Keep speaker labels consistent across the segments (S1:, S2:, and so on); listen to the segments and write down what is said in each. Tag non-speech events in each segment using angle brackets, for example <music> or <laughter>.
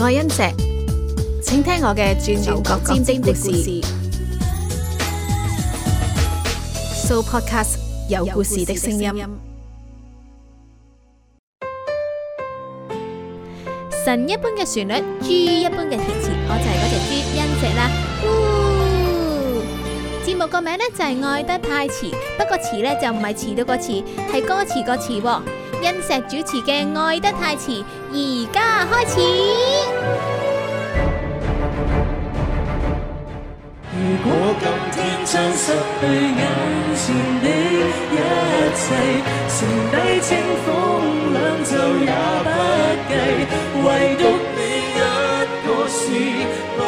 S1: 愛恩石，請聽我嘅轉轉角尖尖的故事。So podcast 有故事的聲音，神一般嘅旋律，豬一般嘅填詞，我就係嗰隻豬，欣石啦。個名呢就係愛得太遲，不過詞呢就唔係遲到個詞，係歌詞個詞。殷石主持嘅《愛得太遲》，而家開始。
S2: 如果今天將失去眼前的一切，剩低清風兩袖也不計，唯獨你一個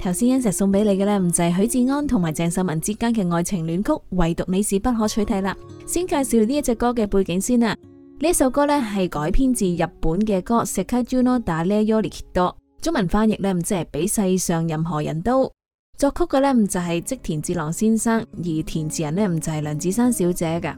S1: 頭先欣石送俾你嘅咧，唔就係許志安同埋鄭秀文之間嘅愛情戀曲，唯獨你是不可取替啦。先介紹呢一隻歌嘅背景先啦。呢首歌咧係改編自日本嘅歌《Sekai Juu no Dare Yori Kitto》中文翻譯咧唔即係比世上任何人都作曲嘅咧唔就係、是、織田志郎先生，而填詞人咧唔就係梁子珊小姐噶。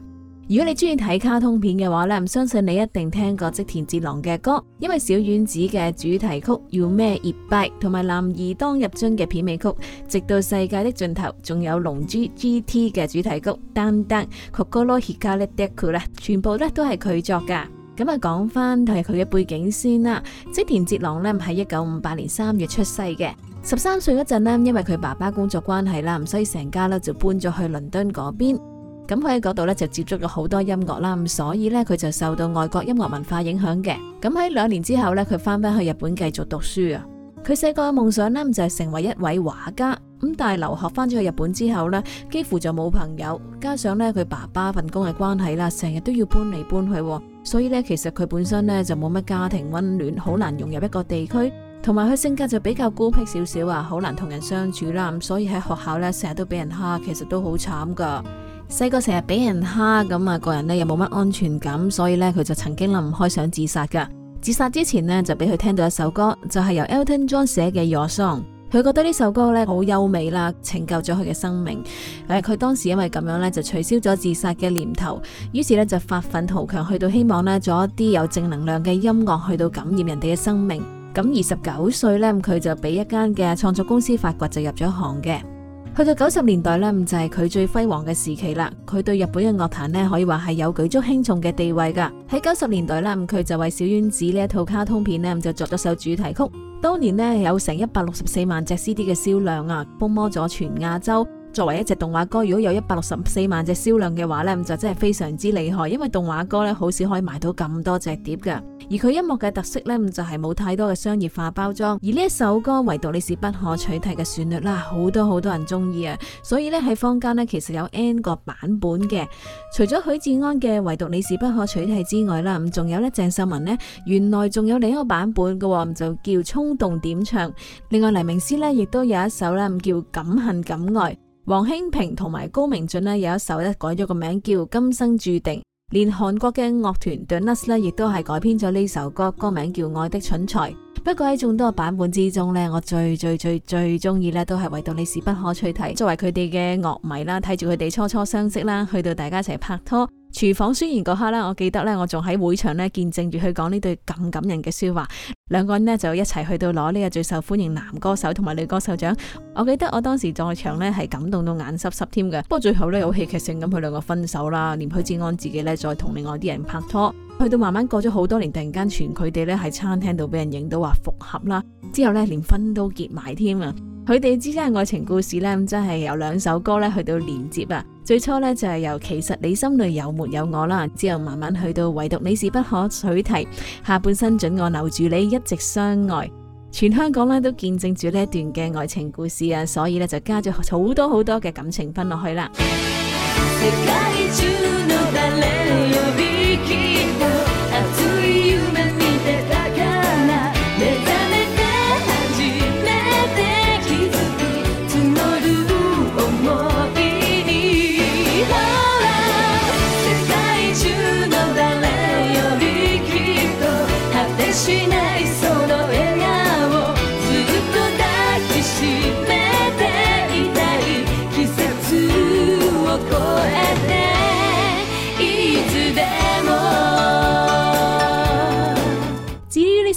S1: 如果你中意睇卡通片嘅話呢唔相信你一定聽過織田哲郎嘅歌，因為小丸子嘅主題曲要咩葉拜，同埋男兒當入樽嘅片尾曲，直到世界的盡頭，仲有龍珠 GT 嘅主題曲，噔噔，曲高羅歇加叻迭酷啦，全部咧都係佢作噶。咁啊，講翻係佢嘅背景先啦。織田哲郎呢唔係一九五八年三月出世嘅，十三歲嗰陣呢，因為佢爸爸工作關係啦，唔所以成家咧就搬咗去倫敦嗰邊。咁佢喺嗰度咧就接觸咗好多音樂啦，咁所以咧佢就受到外國音樂文化影響嘅。咁喺兩年之後咧，佢翻返去日本繼續讀書啊。佢細個嘅夢想呢，就係成為一位畫家，咁但係留學翻咗去日本之後呢，幾乎就冇朋友，加上咧佢爸爸份工嘅關係啦，成日都要搬嚟搬去，所以咧其實佢本身咧就冇乜家庭溫暖，好難融入一個地區，同埋佢性格就比較孤僻少少啊，好難同人相處啦。咁所以喺學校咧成日都俾人蝦，其實都好慘噶。細個成日俾人蝦咁啊，個人呢又冇乜安全感，所以咧佢就曾經諗唔開想自殺噶。自殺之前呢，就俾佢聽到一首歌，就係由 Elton John 寫嘅《Your Song》，佢覺得呢首歌咧好優美啦，拯救咗佢嘅生命。誒，佢當時因為咁樣咧就取消咗自殺嘅念頭，於是咧就發奮圖強，去到希望呢，做一啲有正能量嘅音樂，去到感染人哋嘅生命。咁二十九歲咧，佢就俾一間嘅創作公司發掘，就入咗行嘅。去到九十年代咧，咁就係佢最輝煌嘅時期啦。佢對日本嘅樂壇咧，可以話係有舉足輕重嘅地位噶。喺九十年代咧，咁佢就為小丸子呢一套卡通片咧，咁就作咗首主題曲。當年咧有成一百六十四萬隻 CD 嘅銷量啊，風靡咗全亞洲。作為一隻動畫歌，如果有一百六十四萬隻銷量嘅話呢，咁就真係非常之厲害。因為動畫歌呢，好少可以賣到咁多隻碟噶。而佢音樂嘅特色呢，就係冇太多嘅商業化包裝。而呢一首歌，唯獨你是不可取替嘅旋律啦，好多好多人中意啊。所以呢，喺坊間呢，其實有 n 個版本嘅。除咗許志安嘅《唯獨你是不可取替》之外啦，咁仲有呢，鄭秀文呢，原來仲有另一個版本嘅喎，就叫《衝動點唱》。另外黎明詩呢，亦都有一首呢，叫《敢恨敢愛》。王興平同埋高明駿咧，有一首咧，改咗個名叫《今生注定》，連韓國嘅樂團 Donuts 咧亦都係改編咗呢首歌，歌名叫《愛的蠢材》。不過喺眾多版本之中咧，我最最最最中意咧都係唯獨你是不可取替。作為佢哋嘅樂迷啦，睇住佢哋初初相識啦，去到大家一齊拍拖。廚房宣言嗰刻呢，我記得呢，我仲喺會場呢見證住佢講呢對咁感人嘅說話，兩個人呢就一齊去到攞呢個最受歡迎男歌手同埋女歌手獎，我記得我當時在場呢係感動到眼濕濕添嘅，不過最後呢，好戲劇性咁，佢兩個分手啦，連許志安自己呢再同另外啲人拍拖。去到慢慢過咗好多年，突然間全佢哋咧喺餐廳度俾人影到話復合啦，之後咧連婚都結埋添啊！佢哋之間嘅愛情故事咧，咁真係有兩首歌咧去到連接啊！最初咧就係由《其實你心裏有沒有我》啦，之後慢慢去到唯獨你是不可取替，下半生准我留住你，一直相愛，全香港咧都見證住呢一段嘅愛情故事啊！所以咧就加咗好多好多嘅感情分落去啦。I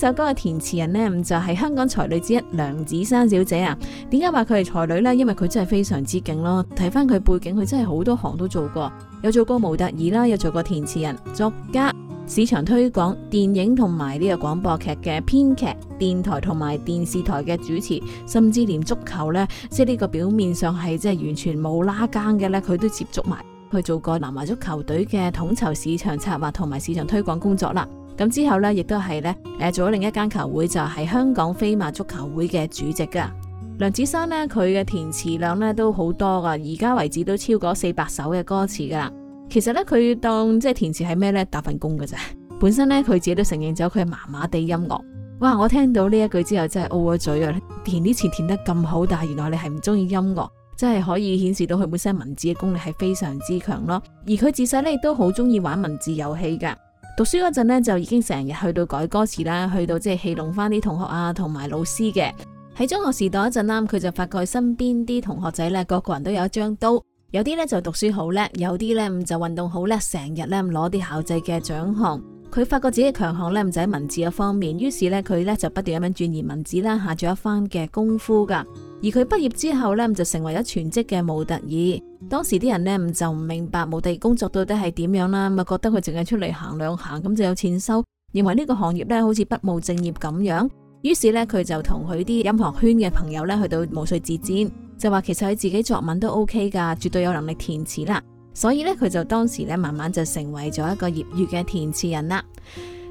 S1: 首歌嘅填詞人咧，就係香港才女之一梁子珊小姐啊。點解話佢係才女呢？因為佢真係非常之勁咯。睇翻佢背景，佢真係好多行都做過，有做過模特兒啦，有做過填詞人、作家、市場推廣、電影同埋呢個廣播劇嘅編劇、電台同埋電視台嘅主持，甚至連足球呢。即係呢個表面上係即係完全冇拉更嘅呢，佢都接觸埋去做過南華足球隊嘅統籌、市場策劃同埋市場推廣工作啦。咁之後咧，亦都係咧，誒、呃、做咗另一間球會，就係、是、香港飛馬足球會嘅主席噶。梁子珊咧，佢嘅填詞量咧都好多噶，而家為止都超過四百首嘅歌詞噶喇。其實咧，佢當即係填詞係咩咧？打份工嘅啫。本身咧，佢自己都承認咗佢係麻麻地音樂。哇！我聽到呢一句之後真係嘔咗嘴啊！填啲詞填得咁好，但係原來你係唔中意音樂，真係可以顯示到佢本身文字嘅功力係非常之強咯。而佢自細咧亦都好中意玩文字遊戲噶。讀書嗰陣咧就已經成日去到改歌詞啦，去到即係戲弄翻啲同學啊，同埋老師嘅。喺中學時代嗰陣啦，佢就發覺身邊啲同學仔咧，個個人都有一張刀，有啲咧就讀書好叻，有啲咧就運動好叻，成日咧攞啲校際嘅獎項。佢發覺自己強項咧唔在文字嘅方面，於是咧佢咧就不斷咁樣鑽研文字啦，下咗一番嘅功夫噶。而佢畢業之後呢，就成為咗全職嘅模特兒。當時啲人呢，就唔明白模特兒工作到底係點樣啦，咪啊覺得佢淨係出嚟行兩行，咁就有錢收，認為呢個行業呢好似不務正業咁樣。於是呢，佢就同佢啲音樂圈嘅朋友呢去到毛遂自薦，就話其實佢自己作文都 OK 噶，絕對有能力填詞啦。所以呢，佢就當時呢，慢慢就成為咗一個業餘嘅填詞人啦。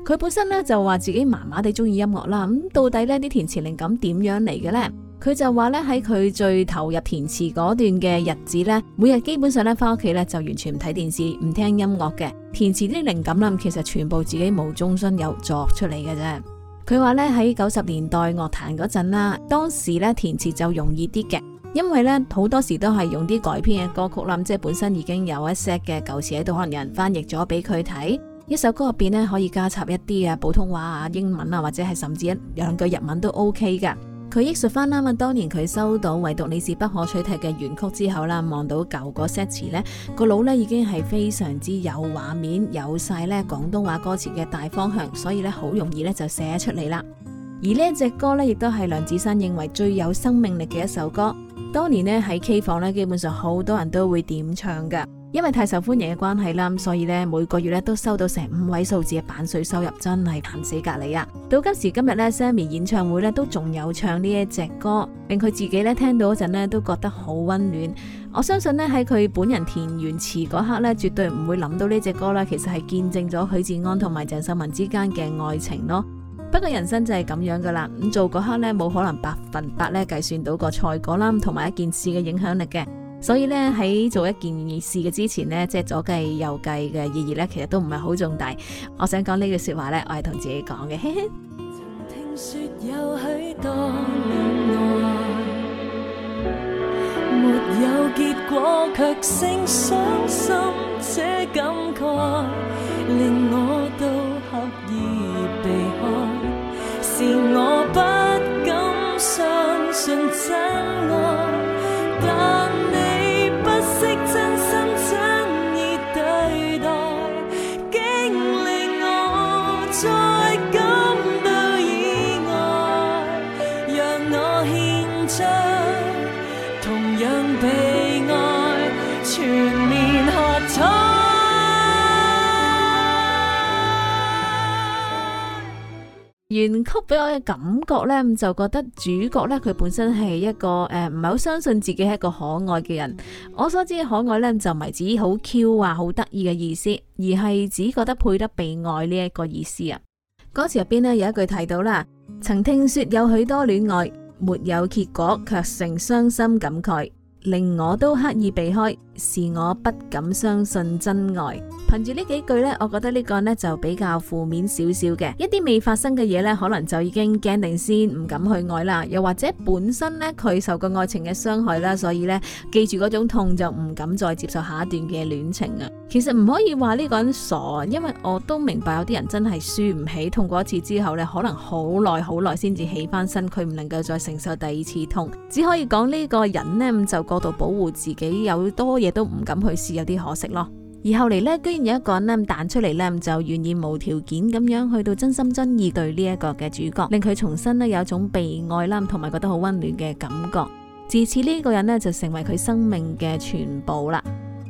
S1: 佢本身咧就話自己麻麻地中意音樂啦，咁到底呢啲填詞靈感點樣嚟嘅呢？佢就話咧喺佢最投入填詞嗰段嘅日子呢，每日基本上咧翻屋企咧就完全唔睇電視、唔聽音樂嘅。填詞啲靈感啦，其實全部自己無中生有作出嚟嘅啫。佢話咧喺九十年代樂壇嗰陣啦，當時咧填詞就容易啲嘅，因為咧好多時都係用啲改編嘅歌曲啦，即係本身已經有一些嘅舊詞喺度，可能有人翻譯咗俾佢睇。一首歌入邊咧可以加插一啲嘅普通話啊、英文啊，或者係甚至一兩句日文都 OK 噶。佢憶述翻啦嘛，當年佢收到《唯獨你是不可取替》嘅原曲之後啦，望到舊嗰些詞咧，個腦咧已經係非常之有畫面、有晒咧廣東話歌詞嘅大方向，所以咧好容易咧就寫出嚟啦。而呢一隻歌呢，亦都係梁子山認為最有生命力嘅一首歌。當年呢，喺 K 房咧，基本上好多人都會點唱噶。因為太受歡迎嘅關係啦，所以咧每個月咧都收到成五位數字嘅版稅收入，真係賺死隔籬啊！到今時今日咧，Sammy 演唱會咧都仲有唱呢一隻歌，令佢自己咧聽到嗰陣咧都覺得好溫暖。我相信咧喺佢本人填完詞嗰刻咧，絕對唔會諗到呢隻歌啦，其實係見證咗許志安同埋鄭秀文之間嘅愛情咯。不過人生就係咁樣噶啦，咁做嗰刻咧冇可能百分百咧計算到個賽果啦，同埋一件事嘅影響力嘅。所以呢，喺做一件事嘅之前呢，即係左計右計嘅意義呢，其實都唔係好重大。我想講呢句說話呢，我係同自己講嘅。
S2: <laughs> 聽說有有許多戀愛，愛。
S1: 沒有結果
S2: 卻勝傷心，感慨令我我都刻意避開，是我不敢相信真愛
S1: 全曲俾我嘅感覺呢，就覺得主角呢，佢本身係一個誒唔係好相信自己係一個可愛嘅人。我所知可愛呢，就唔係指好 Q 啊好得意嘅意思，而係指覺得配得被愛呢一個意思啊。歌詞入邊呢，有一句提到啦：曾聽說有許多戀愛沒有結果，卻成傷心感慨，令我都刻意避開。是我不敢相信真愛。憑住呢幾句呢，我覺得呢個呢就比較負面少少嘅。一啲未發生嘅嘢呢，可能就已經驚定先，唔敢去愛啦。又或者本身呢，佢受過愛情嘅傷害啦，所以呢，記住嗰種痛就唔敢再接受下一段嘅戀情啊。其實唔可以話呢個人傻，因為我都明白有啲人真係輸唔起，痛過一次之後呢，可能好耐好耐先至起翻身，佢唔能夠再承受第二次痛，只可以講呢個人呢，就過度保護自己，有多。亦都唔敢去試，有啲可惜咯。而後嚟呢，居然有一個人呢，咁彈出嚟呢，就願意無條件咁樣去到真心真意對呢一個嘅主角，令佢重新呢，有種被愛啦，同埋覺得好溫暖嘅感覺。自此呢個人呢，就成為佢生命嘅全部啦。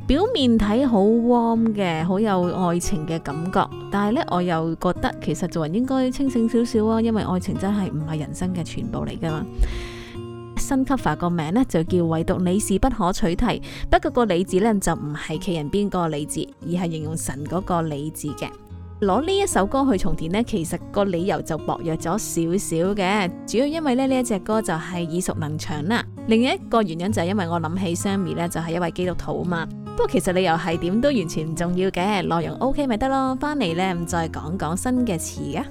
S1: 表面睇好 warm 嘅，好有愛情嘅感覺，但係呢，我又覺得其實做人應該清醒少少啊，因為愛情真係唔係人生嘅全部嚟噶嘛。新 cover 個名呢，就叫唯獨你是不可取替，不過個你字呢，就唔係企人邊個你字，而係形容神嗰個你字嘅。攞呢一首歌去重填呢，其實個理由就薄弱咗少少嘅，主要因為呢，呢一隻歌就係耳熟能詳啦。另一個原因就係因為我諗起 Sammy 呢，就係一位基督徒啊嘛，不過其實理由係點都完全唔重要嘅，內容 O K 咪得咯。翻嚟呢，再講講新嘅詞的。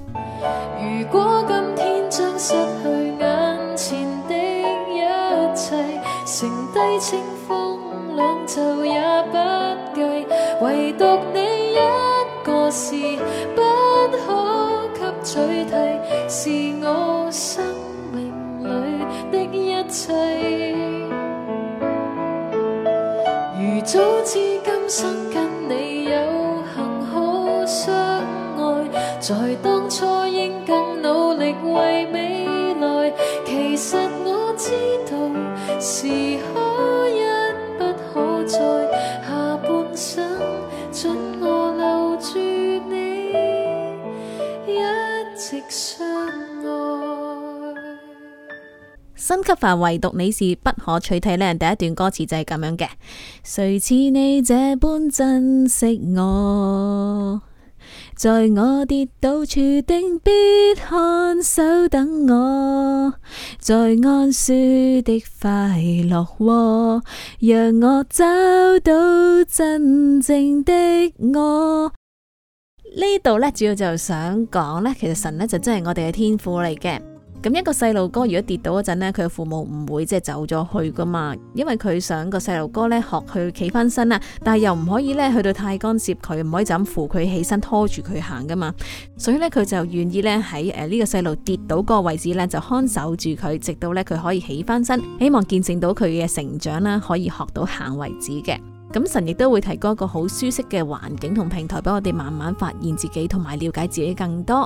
S3: 如果今天將失去眼前的一切剩低清風兩袖也不計，唯獨你一個是不可給取替，是我生命裏的一切。如早知今生跟你有幸可相愛，在。
S1: 恩格凡，唯獨你是不可取替咧。第一段歌詞就係咁樣嘅，誰似你這般珍惜我？在我跌倒處定必看守等我，在安舒的快樂窩，讓我找到真正的我。呢度呢，主要就想講呢，其實神呢，就真係我哋嘅天父嚟嘅。咁一個細路哥如果跌倒嗰陣呢，佢嘅父母唔會即係走咗去噶嘛，因為佢想個細路哥咧學去企翻身啊，但係又唔可以咧去到太干涉佢，唔可以就咁扶佢起身拖住佢行噶嘛，所以咧佢就願意咧喺誒呢個細路跌倒嗰個位置咧就看守住佢，直到咧佢可以起翻身，希望見證到佢嘅成長啦，可以學到行為止嘅。咁神亦都會提供一個好舒適嘅環境同平台俾我哋慢慢發現自己同埋了解自己更多。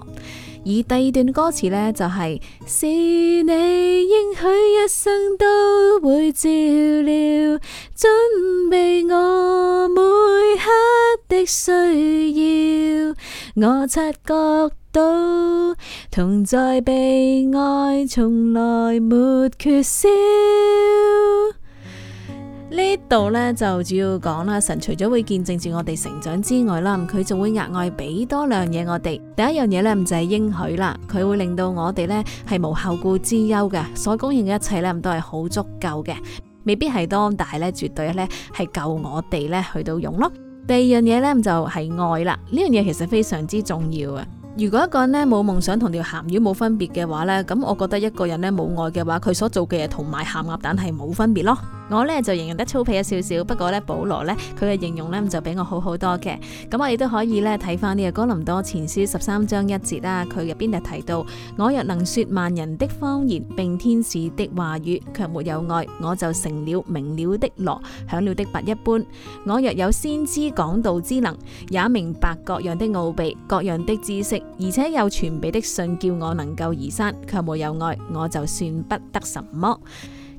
S1: 而第二段歌詞呢，就係、是、是你
S3: 應許一生都會照料，準備我每刻的需要。我
S1: 察覺到同在被愛，從來沒缺少。呢度呢，就主要講啦，神除咗會見證住我哋成長之外啦，佢仲會額外俾多兩嘢我哋。第一樣嘢呢，就係應許啦，佢會令到我哋呢係無後顧之憂嘅，所供應嘅一切呢，都係好足夠嘅，未必係當大呢，絕對呢係夠我哋呢去到用咯。第二樣嘢呢，就係愛啦，呢樣嘢其實非常之重要啊。如果一個人呢冇夢想，同條鹹魚冇分別嘅話呢，咁我覺得一個人呢冇愛嘅話，佢所做嘅嘢同埋鹹鴨蛋係冇分別咯。我呢就形容得粗鄙一少少，不過呢，保羅呢，佢嘅形容呢就比我好好多嘅。咁我亦都可以呢睇翻呢個《哥林多前書》十三章一節啦，佢入邊就提到：我若能説萬人的方言，並天使的話語，卻沒有愛，我就成了鳴的鑼，響的鈸一般。我若有先知講道之能，也明白各樣的奧秘、各樣的知識。而且有全備的信叫我能夠移山，卻沒有愛，我就算不得什麼。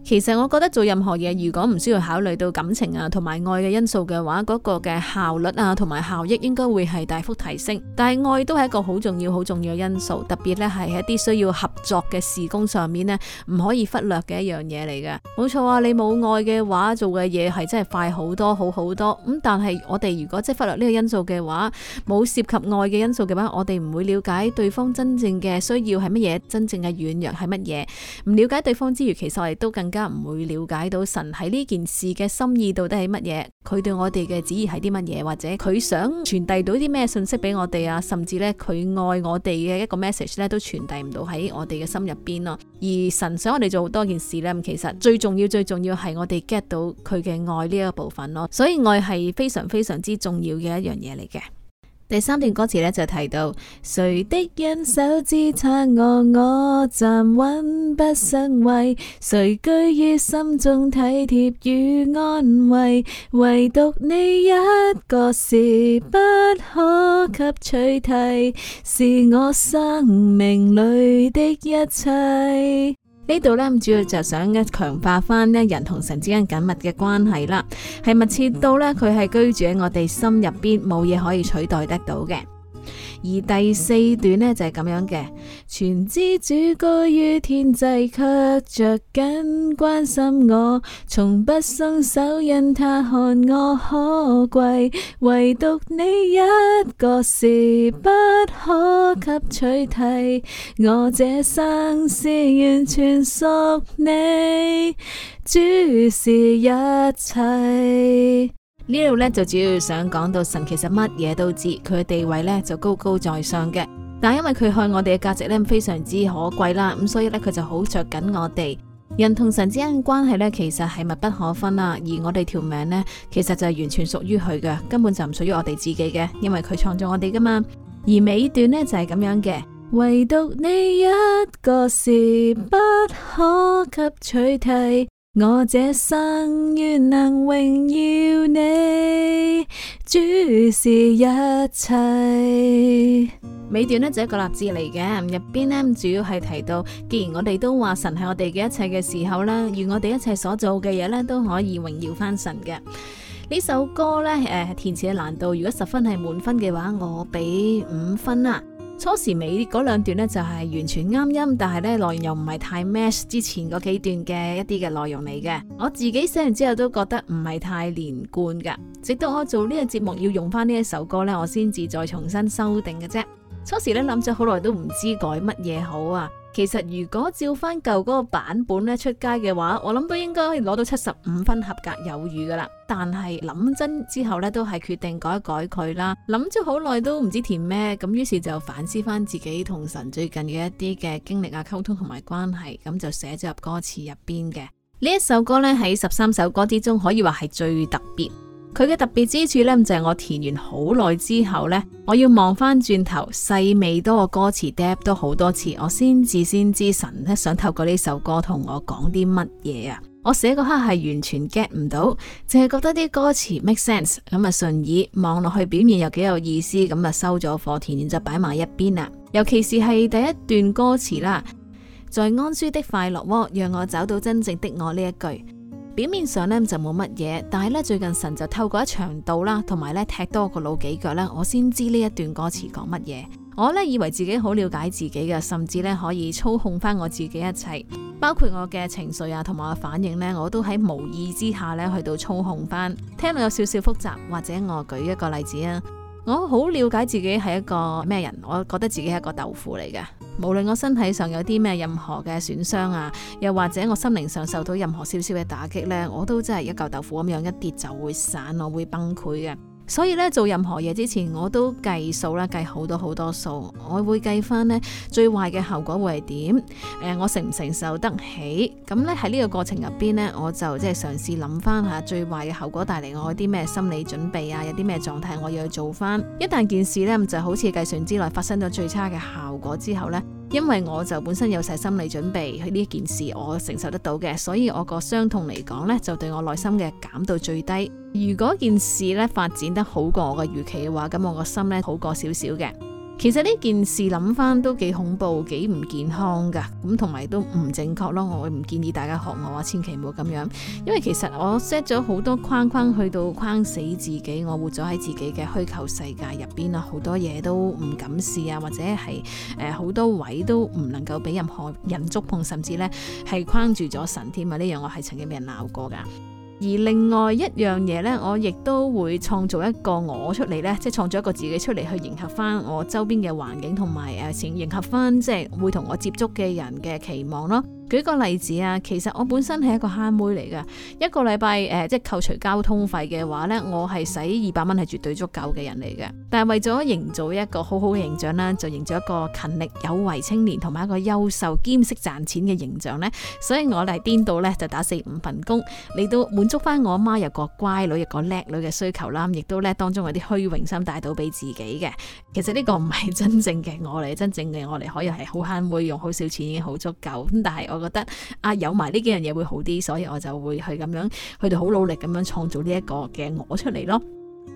S1: 其實我覺得做任何嘢，如果唔需要考慮到感情啊同埋愛嘅因素嘅話，嗰個嘅效率啊同埋效益應該會係大幅提升。但係愛都係一個好重要、好重要嘅因素，特別咧係一啲需要合作嘅事工上面呢，唔可以忽略嘅一樣嘢嚟嘅。冇錯啊，你冇愛嘅話，做嘅嘢係真係快好多，好好多。咁但係我哋如果即係忽略呢個因素嘅話，冇涉及愛嘅因素嘅話，我哋唔會了解對方真正嘅需要係乜嘢，真正嘅軟弱係乜嘢。唔了解對方之餘，其實我哋都更。更加唔會了解到神喺呢件事嘅心意到底係乜嘢，佢對我哋嘅旨意係啲乜嘢，或者佢想傳遞到啲咩信息俾我哋啊，甚至咧佢愛我哋嘅一個 message 咧都傳遞唔到喺我哋嘅心入邊咯。而神想我哋做好多件事咧，咁其實最重要最重要係我哋 get 到佢嘅愛呢一部分咯。所以愛係非常非常之重要嘅一樣嘢嚟嘅。第三段歌詞呢，就提到，誰的恩手支撐我，我站穩不生畏；誰居於心中體貼與安慰，唯獨你一個是不可給取替，是我生命裏的一切。呢度咧，主要就想一強化翻咧人同神之間緊密嘅關係啦，係密切到咧佢係居住喺我哋心入邊，冇嘢可以取代得到嘅。而第四段呢，就係咁樣嘅，全知主居於天際，卻着緊關心我，從不鬆手，因他看我可貴，唯獨你一個是不可給取替，我這生是完全屬你，主是一切。呢度咧就主要想講到神其實乜嘢都知，佢嘅地位咧就高高在上嘅，但係因為佢看我哋嘅價值咧非常之可貴啦，咁所以咧佢就好着緊我哋人同神之間嘅關係咧其實係密不可分啦，而我哋條命咧其實就係完全屬於佢嘅，根本就唔屬於我哋自己嘅，因為佢創造我哋噶嘛。而尾段咧就係、是、咁樣嘅，唯獨你一個是不可及取替。我這生願能榮耀你，主是一切。尾段呢就一個立志嚟嘅，入邊呢，主要係提到，既然我哋都話神係我哋嘅一切嘅時候啦，願我哋一切所做嘅嘢，呢都可以榮耀翻神嘅。呢首歌呢誒、呃，填詞嘅難度，如果十分係滿分嘅話，我俾五分啦。初時尾嗰兩段呢，就係完全啱音，但係呢內容又唔係太 match 之前嗰幾段嘅一啲嘅內容嚟嘅。我自己寫完之後都覺得唔係太連貫噶，直到我做呢個節目要用翻呢一首歌呢，我先至再重新修訂嘅啫。初時呢，諗咗好耐都唔知改乜嘢好啊。其實如果照翻舊嗰個版本咧出街嘅話，我諗都應該可以攞到七十五分合格有餘噶啦。但係諗真之後咧，都係決定改一改佢啦。諗咗好耐都唔知填咩，咁於是就反思翻自己同神最近嘅一啲嘅經歷啊、溝通同埋關係，咁就寫咗入歌詞入邊嘅呢一首歌咧，喺十三首歌之中可以話係最特別。佢嘅特別之處呢，就係、是、我填完好耐之後呢，我要望返轉頭細味多個歌詞，dé 都好多次，我先至先知神呢想透過呢首歌同我講啲乜嘢啊！我寫嗰刻係完全 get 唔到，淨係覺得啲歌詞 make sense，咁啊順耳，望落去表面又幾有意思，咁啊收咗貨，填完就擺埋一邊啦。尤其是係第一段歌詞啦，在安舒的快樂窩，讓我找到真正的我呢一句。表面上咧就冇乜嘢，但係咧最近神就透過一場道啦，同埋咧踢多個老幾腳咧，我先知呢一段歌詞講乜嘢。我咧以為自己好了解自己嘅，甚至咧可以操控翻我自己一切，包括我嘅情緒啊，同埋我反應咧，我都喺無意之下咧去到操控翻。聽落有少少複雜，或者我舉一個例子啊。我好了解自己係一個咩人，我覺得自己係一個豆腐嚟嘅。無論我身體上有啲咩任何嘅損傷啊，又或者我心靈上受到任何少少嘅打擊呢，我都真係一嚿豆腐咁樣一跌就會散，我會崩潰嘅。所以咧，做任何嘢之前，我都計數啦，計好多好多數。我會計翻呢最壞嘅後果會係點？誒、呃，我承唔承受得起？咁咧，喺呢個過程入邊呢，我就即係嘗試諗翻下最壞嘅後果帶嚟我啲咩心理準備啊？有啲咩狀態我要去做翻？一旦件事呢就係，好似計算之內發生咗最差嘅效果之後呢。因為我就本身有晒心理準備，喺呢件事我承受得到嘅，所以我個傷痛嚟講呢，就對我內心嘅減到最低。如果件事呢發展得好過我嘅預期嘅話，咁我個心呢，好過少少嘅。其實呢件事諗翻都幾恐怖，幾唔健康噶，咁同埋都唔正確咯。我唔建議大家學我啊，千祈唔好咁樣。因為其實我 set 咗好多框框，去到框死自己，我活咗喺自己嘅虛構世界入邊啊，好多嘢都唔敢試啊，或者係誒好多位都唔能夠俾任何人觸碰，甚至呢係框住咗神添啊！呢樣我係曾經俾人鬧過噶。而另外一樣嘢呢，我亦都會創造一個我出嚟呢，即係創造一個自己出嚟，去迎合翻我周邊嘅環境同埋誒，迎合翻即係會同我接觸嘅人嘅期望咯。舉個例子啊，其實我本身係一個慳妹嚟㗎，一個禮拜誒，即係扣除交通費嘅話呢，我係使二百蚊係絕對足夠嘅人嚟嘅。但係為咗營造一個好好嘅形象啦，就營造一個勤力有為青年同埋一個優秀兼職賺錢嘅形象呢。所以我嚟顛到呢，就打四五份工，嚟到滿足返我阿媽又個乖女又個叻女嘅需求啦，亦都呢當中有啲虛榮心帶到俾自己嘅。其實呢個唔係真正嘅我嚟，真正嘅我嚟可以係好慳妹用好少錢已經好足夠咁，但係我。我覺得啊，有埋呢幾樣嘢，會好啲，所以我就會去咁樣，去到好努力咁樣創造呢一個嘅我出嚟咯。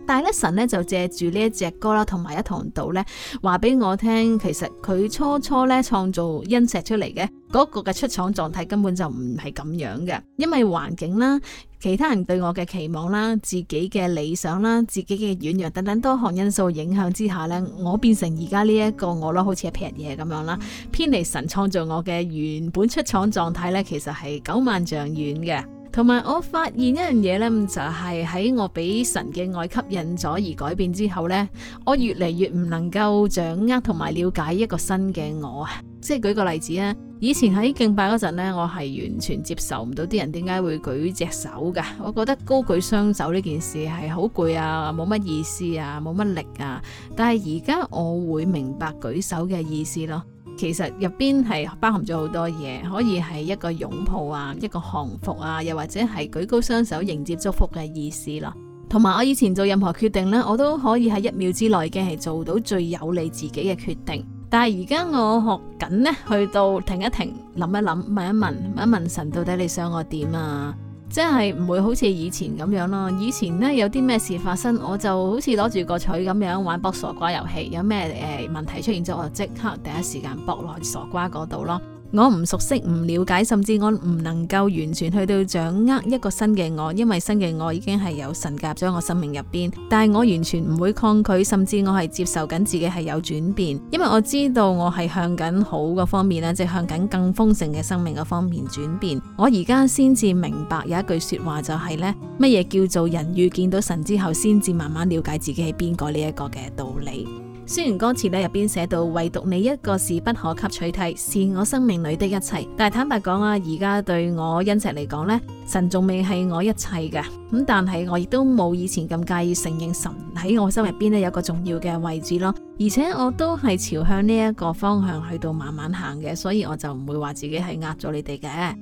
S1: 但係咧，神咧就借住呢一隻歌啦，同埋一堂道咧，話俾我聽，其實佢初初咧創造恩石出嚟嘅。嗰個嘅出廠狀態根本就唔係咁樣嘅，因為環境啦、其他人對我嘅期望啦、自己嘅理想啦、自己嘅軟弱等等多項因素影響之下呢，我變成而家呢一個我咯，好似一撇嘢咁樣啦，偏離神創造我嘅原本出廠狀態呢，其實係九萬丈遠嘅。同埋，我發現一樣嘢咧，就係、是、喺我俾神嘅愛吸引咗而改變之後咧，我越嚟越唔能夠掌握同埋了解一個新嘅我啊！即係舉個例子啊，以前喺敬拜嗰陣咧，我係完全接受唔到啲人點解會舉隻手噶，我覺得高舉雙手呢件事係好攰啊，冇乜意思啊，冇乜力啊。但係而家我會明白舉手嘅意思咯。其實入邊係包含咗好多嘢，可以係一個擁抱啊，一個降服啊，又或者係舉高雙手迎接祝福嘅意思咯。同埋我以前做任何決定呢，我都可以喺一秒之內嘅係做到最有利自己嘅決定。但係而家我學緊呢，去到停一停，諗一諗，問一問，問一問神，到底你想我點啊？即係唔會好似以前咁樣咯，以前呢，有啲咩事發生，我就好似攞住個槌咁樣玩卜傻瓜遊戲，有咩誒問題出現咗，我就即刻第一時間卜落去傻瓜嗰度咯。我唔熟悉、唔了解，甚至我唔能夠完全去到掌握一個新嘅我，因為新嘅我已經係有神夾咗我生命入邊。但係我完全唔會抗拒，甚至我係接受緊自己係有轉變，因為我知道我係向緊好個方面啦，即係向緊更豐盛嘅生命個方面轉變。我而家先至明白有一句說話就係咧，乜嘢叫做人遇見到神之後先至慢慢了解自己係邊個呢一個嘅道理。雖然歌詞咧入邊寫到唯獨你一個是不可吸取替，是我生命裏的一切，但係坦白講啊，而家對我恩錫嚟講咧，神仲未係我一切嘅，咁但係我亦都冇以前咁介意承認神喺我心入邊咧有個重要嘅位置咯，而且我都係朝向呢一個方向去到慢慢行嘅，所以我就唔會話自己係呃咗你哋嘅。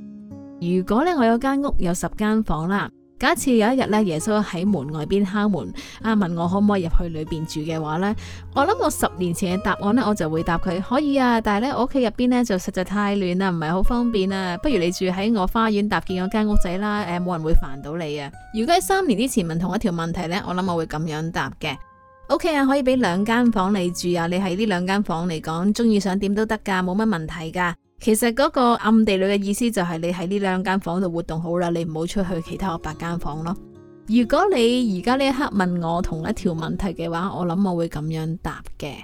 S1: 如果呢，我有間屋有十間房啦。假設有一日咧，耶穌喺門外邊敲門啊，問我可唔可以入去裏邊住嘅話，呢我諗我十年前嘅答案呢，我就會答佢可以啊，但係咧我屋企入邊咧就實在太亂啦，唔係好方便啊，不如你住喺我花園搭建嗰間屋仔啦，誒、呃、冇人會煩到你啊。如果喺三年之前問同一條問題呢，我諗我會咁樣答嘅。O K 啊，可以俾兩間房你住啊，你喺呢兩間房嚟講，鍾意想點都得㗎，冇乜問題㗎。其實嗰個暗地裏嘅意思就係你喺呢兩間房度活動好啦，你唔好出去其他嘅八間房咯。如果你而家呢一刻問我同一條問題嘅話，我諗我會咁樣答嘅。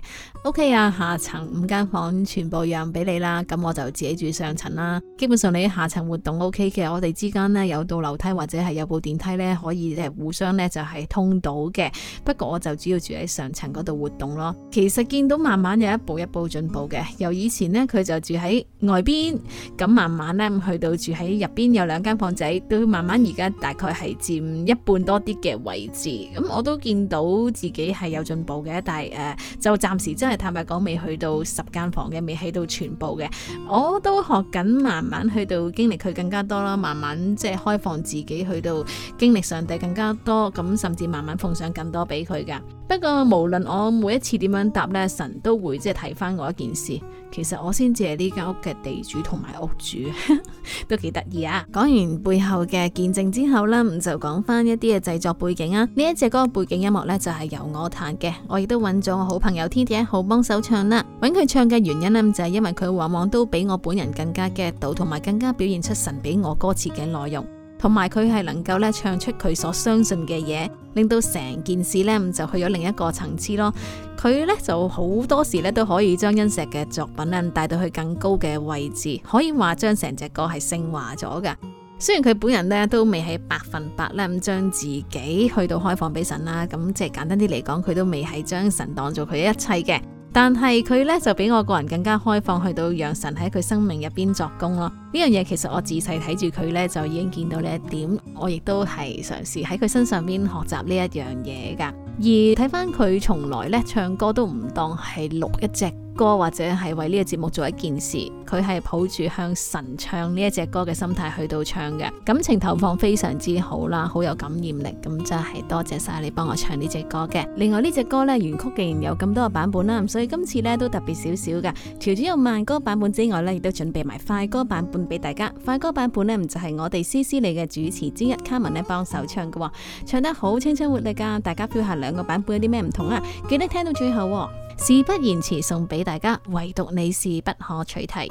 S1: O K 啊，okay，下層五間房全部讓俾你啦，咁我就自己住上層啦。基本上你下層活動 O K 嘅，我哋之間呢，有道樓梯或者係有部電梯呢，可以互相呢就係通到嘅。不過我就主要住喺上層嗰度活動咯。其實見到慢慢有一步一步進步嘅，由以前呢，佢就住喺外邊，咁慢慢呢，去到住喺入邊有兩間房仔，都慢慢而家大概係佔一半多啲嘅位置。咁、嗯、我都見到自己係有進步嘅，但係誒、呃、就暫時係坦白講，未去到十間房嘅，未起到全部嘅。我都學緊，慢慢去到經歷佢更加多啦。慢慢即係開放自己，去到經歷上帝更加多，咁甚至慢慢奉上更多俾佢㗎。不過無論我每一次點樣答呢，神都會即係睇翻我一件事，其實我先至係呢間屋嘅地主同埋屋主， <laughs> 都幾得意啊！講完背後嘅見證之後啦，咁就講翻一啲嘅製作背景啊！呢一隻歌背景音樂呢，就係由我彈嘅，我亦都揾咗我好朋友 T t 一號幫手唱啦，揾佢唱嘅原因呢，就係因為佢往往都比我本人更加 get 到，同埋更加表現出神俾我歌詞嘅內容。同埋佢係能夠咧唱出佢所相信嘅嘢，令到成件事咧就去咗另一個層次咯。佢咧就好多時咧都可以將恩石嘅作品咧帶到去更高嘅位置，可以話將成隻歌係升華咗㗎。雖然佢本人咧都未係百分百咧咁將自己去到開放俾神啦，咁即係簡單啲嚟講，佢都未係將神當做佢一切嘅。但係佢咧就比我個人更加開放，去到讓神喺佢生命入邊作工咯。呢樣嘢其實我仔細睇住佢咧，就已經見到呢一點。我亦都係嘗試喺佢身上邊學習呢一樣嘢噶。而睇翻佢從來咧唱歌都唔當係錄一隻歌或者係為呢個節目做一件事，佢係抱住向神唱呢一隻歌嘅心態去到唱嘅，感情投放非常之好啦，好有感染力，咁真係多謝晒你幫我唱呢隻歌嘅。另外呢隻歌呢，原曲竟然有咁多個版本啦，咁所以今次呢都特別少少嘅，除咗慢歌版本之外呢，亦都準備埋快歌版本俾大家。快歌版本呢，唔就係我哋 C C 你嘅主持之一卡文呢幫手唱嘅，唱得好青春活力啊！大家 feel 下兩個版本有啲咩唔同啊？記得聽到最後。事不宜遲，送俾大家，唯獨你是不可取替。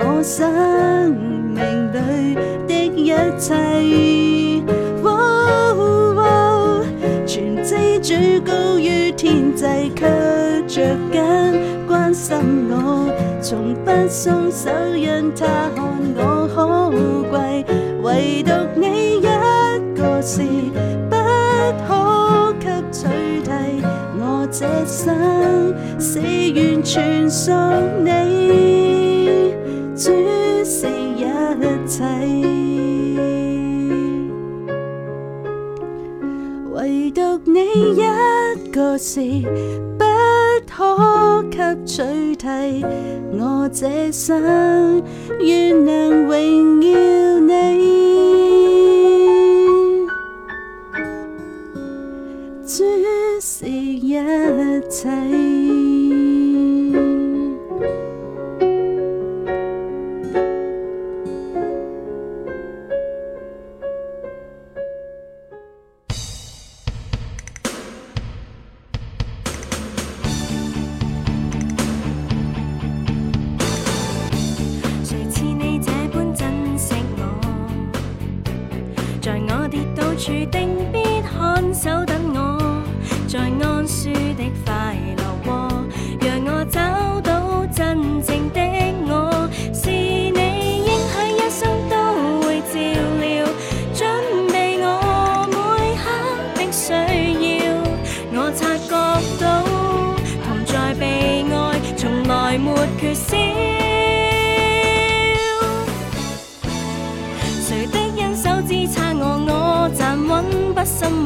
S3: 我生命裏的一切，全知主高於天際，卻着緊關心我，從不鬆手，讓他看我可貴，唯獨你一個是不可給取替，我這生死完全屬你。主是一切， <noise> 唯獨你一個是不可給取替。我這生願能榮耀你。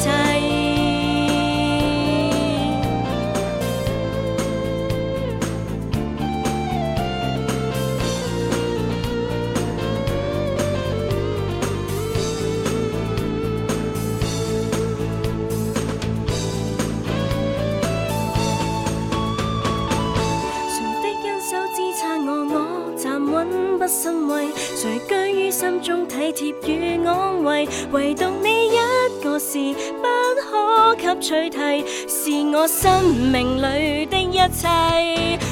S4: 誰的恩手支撐我，我站穩不心畏；誰居於心中體貼與安慰，唯獨。不可給取替，是我生命裏的一切。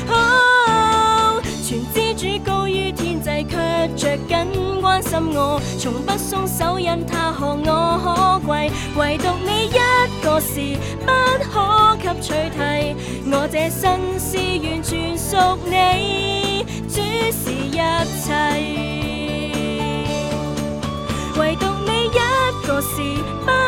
S4: 全知主高於天際，卻着緊關心我，從不鬆手，因他看我可貴。唯獨你一個是不可給取替，我這心思完全屬你，主是一切。唯獨你一個是。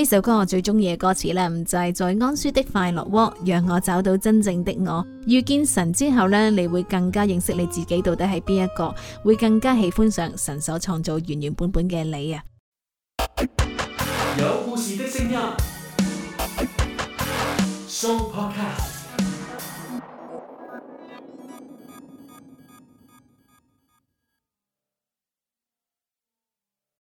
S1: 呢首歌我最中意嘅歌詞呢，唔就係在安舒的快樂窩，讓我找到真正的我。遇見神之後呢，你會更加認識你自己，到底係邊一個？會更加喜歡上神所創造原原本本嘅你啊！
S2: 有故事的